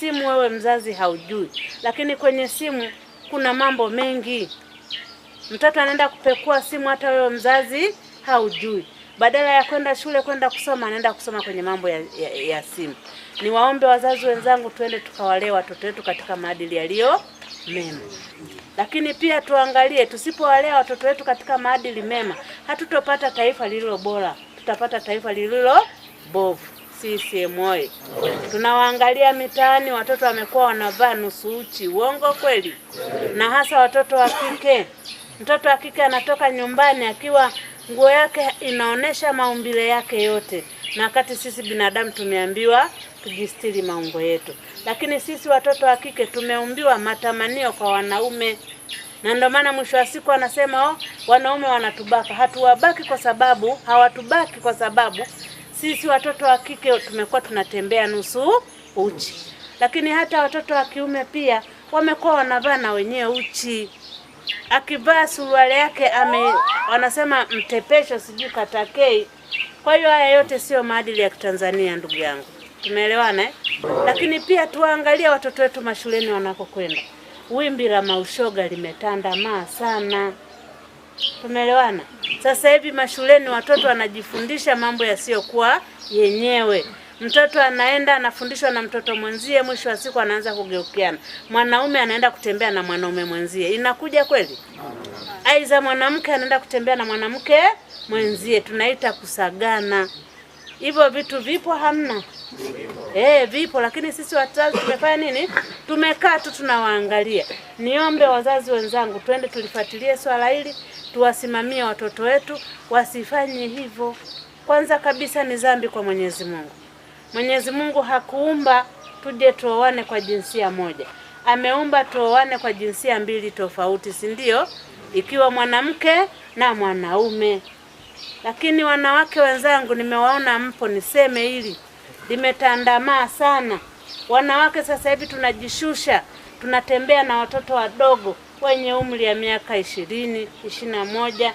simu wewe mzazi haujui, lakini kwenye simu kuna mambo mengi. Mtoto anaenda kupekua simu, hata wewe mzazi haujui. Badala ya kwenda shule kwenda kusoma, anaenda kusoma kwenye mambo ya, ya, ya simu. Niwaombe wazazi wenzangu, tuende tukawalee watoto wetu katika maadili yaliyo mema, lakini pia tuangalie, tusipowalea watoto wetu katika maadili mema, hatutopata taifa lililo bora, tutapata taifa lililo bovu. CCM oye! Tunawaangalia mitaani, watoto wamekuwa wanavaa nusu uchi. Uongo kweli? Na hasa watoto wa kike. Mtoto wa kike anatoka nyumbani akiwa nguo yake inaonesha maumbile yake yote, na wakati sisi binadamu tumeambiwa tujistiri maungo yetu, lakini sisi watoto wa kike tumeumbiwa matamanio kwa wanaume, na ndio maana mwisho wa siku anasema oh, wanaume wanatubaka. Hatuwabaki kwa sababu hawatubaki kwa sababu sisi watoto wa kike tumekuwa tunatembea nusu uchi, lakini hata watoto wa kiume pia wamekuwa wanavaa na wenyewe uchi. Akivaa suruali yake ame, wanasema mtepesho, sijui katakei. Kwa hiyo haya yote sio maadili ya Kitanzania, ndugu yangu, tumeelewana eh? Lakini pia tuwaangalie watoto wetu mashuleni wanakokwenda. Wimbi la maushoga limetanda maa sana, tumeelewana. Sasa hivi mashuleni watoto wanajifundisha mambo yasiyokuwa yenyewe. Mtoto anaenda anafundishwa na mtoto mwenzie, mwisho wa siku anaanza kugeukiana. Mwanaume anaenda kutembea na mwanaume mwenzie, inakuja kweli? Aiza mwanamke anaenda kutembea na mwanamke mwenzie, tunaita kusagana. Hivyo vitu vipo, hamna? E, vipo, lakini sisi wazazi tumefanya nini? Tumekaa tu tunawaangalia. Niombe wazazi wenzangu, twende tulifuatilie swala hili tuwasimamie watoto wetu wasifanye hivyo. Kwanza kabisa ni dhambi kwa Mwenyezi Mungu. Mwenyezi Mungu hakuumba tuje tuoane kwa jinsia moja, ameumba tuoane kwa jinsia mbili tofauti, si ndio? Ikiwa mwanamke na mwanaume. Lakini wanawake wenzangu, nimewaona mpo, niseme hili limetandamaa sana. Wanawake sasa hivi tunajishusha, tunatembea na watoto wadogo wenye umri ya miaka ishirini, ishirini na moja,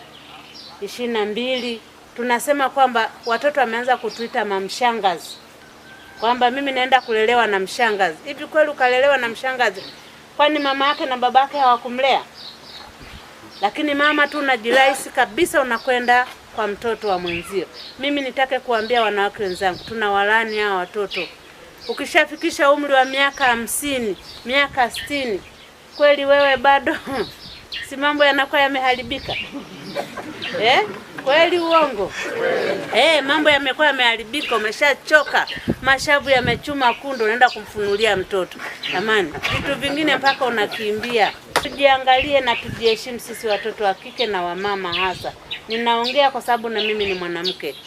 ishirini na mbili. Tunasema kwamba watoto wameanza kutuita mamshangazi, kwamba mimi naenda kulelewa na mshangazi. Hivi kweli ukalelewa na mshangazi? Kwani mama yake na baba yake hawakumlea? Lakini mama tu unajirahisi kabisa, unakwenda kwa mtoto wa mwenzio. Mimi nitake kuambia wanawake wenzangu, tuna walani hawa watoto. Ukishafikisha umri wa miaka hamsini, miaka sitini kweli wewe bado hmm, si mambo yanakuwa yameharibika eh? Kweli uongo eh, mambo yamekuwa yameharibika, umeshachoka, mashavu yamechuma kundu, unaenda kumfunulia mtoto amani, vitu vingine mpaka unakimbia. Tujiangalie na tujiheshimu sisi watoto wa kike na wamama hasa. Ninaongea kwa sababu na mimi ni mwanamke.